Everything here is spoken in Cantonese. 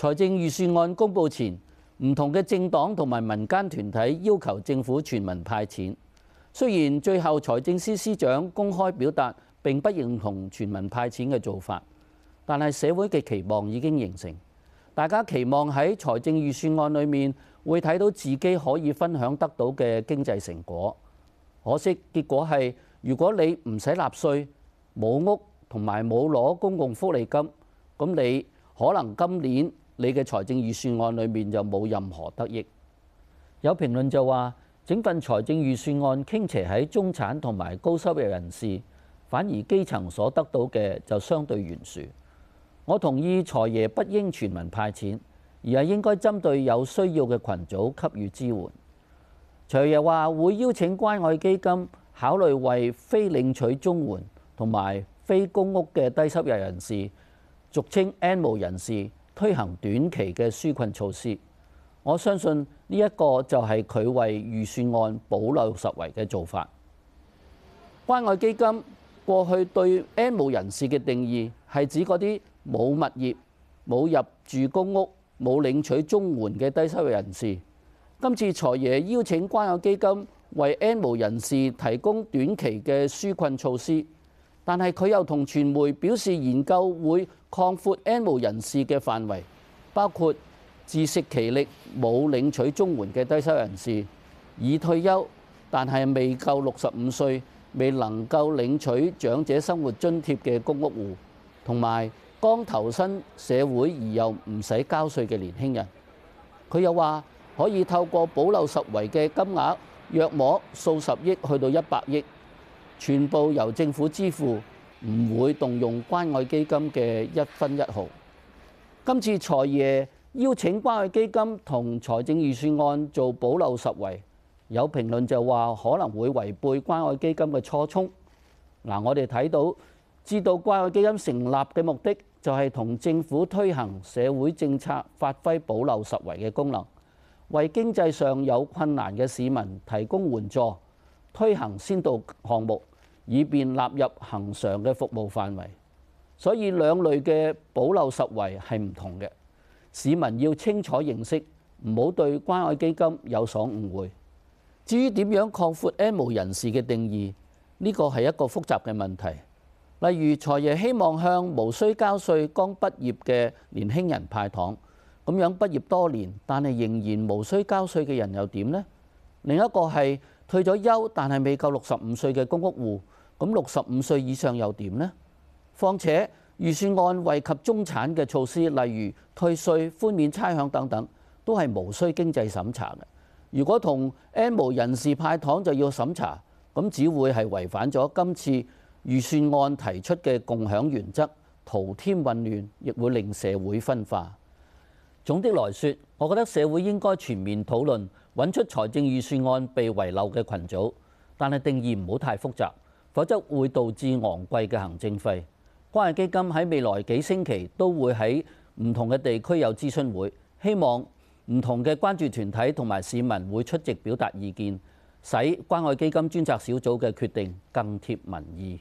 財政預算案公布前，唔同嘅政黨同埋民間團體要求政府全民派錢。雖然最後財政司司長公開表達並不認同全民派錢嘅做法，但係社會嘅期望已經形成。大家期望喺財政預算案裡面會睇到自己可以分享得到嘅經濟成果。可惜結果係，如果你唔使納稅、冇屋同埋冇攞公共福利金，咁你可能今年你嘅財政預算案裏面就冇任何得益。有評論就話整份財政預算案傾斜喺中產同埋高收入人士，反而基層所得到嘅就相對懸殊。我同意財爺不應全民派錢，而係應該針對有需要嘅群組給予支援。財爺話會邀請關愛基金考慮為非領取綜援同埋非公屋嘅低收入人士（俗稱 N 無人士），推行短期嘅紓困措施，我相信呢一個就係佢為預算案補漏拾遺嘅做法。關愛基金過去對 N 無人士嘅定義係指嗰啲冇物業、冇入住公屋、冇領取綜援嘅低收入人士。今次財爺邀請關愛基金為 N 無人士提供短期嘅紓困措施。但係佢又同傳媒表示，研究會擴闊 N 無人士嘅範圍，包括自食其力、冇領取綜援嘅低收人士，已退休但係未夠六十五歲、未能夠領取長者生活津貼嘅公屋戶，同埋剛投身社會而又唔使交稅嘅年輕人。佢又話可以透過保留十圍嘅金額，約摸數十億去到一百億。全部由政府支付，唔會動用關愛基金嘅一分一毫。今次財爺邀請關愛基金同財政預算案做補漏拾遺，有評論就話可能會違背關愛基金嘅初衷。嗱，我哋睇到知道關愛基金成立嘅目的就係同政府推行社會政策，發揮補漏拾遺嘅功能，為經濟上有困難嘅市民提供援助，推行先導項目。以便納入恆常嘅服務範圍，所以兩類嘅保留實惠係唔同嘅。市民要清楚認識，唔好對關愛基金有所誤會。至於點樣擴闊 N 無人士嘅定義，呢個係一個複雜嘅問題。例如財爺希望向無需交稅剛畢業嘅年輕人派糖，咁樣畢業多年但係仍然無需交稅嘅人又點呢？另一個係。退咗休但係未夠六十五歲嘅公屋戶，咁六十五歲以上又點呢？況且預算案惠及中產嘅措施，例如退稅、寬免差餉等等，都係無需經濟審查嘅。如果同 N 無人士派糖就要審查，咁只會係違反咗今次預算案提出嘅共享原則，徒添混亂，亦會令社會分化。總的來說，我覺得社會應該全面討論。揾出財政預算案被遺漏嘅群組，但係定義唔好太複雜，否則會導致昂貴嘅行政費。關愛基金喺未來幾星期都會喺唔同嘅地區有諮詢會，希望唔同嘅關注團體同埋市民會出席表達意見，使關愛基金專責小組嘅決定更貼民意。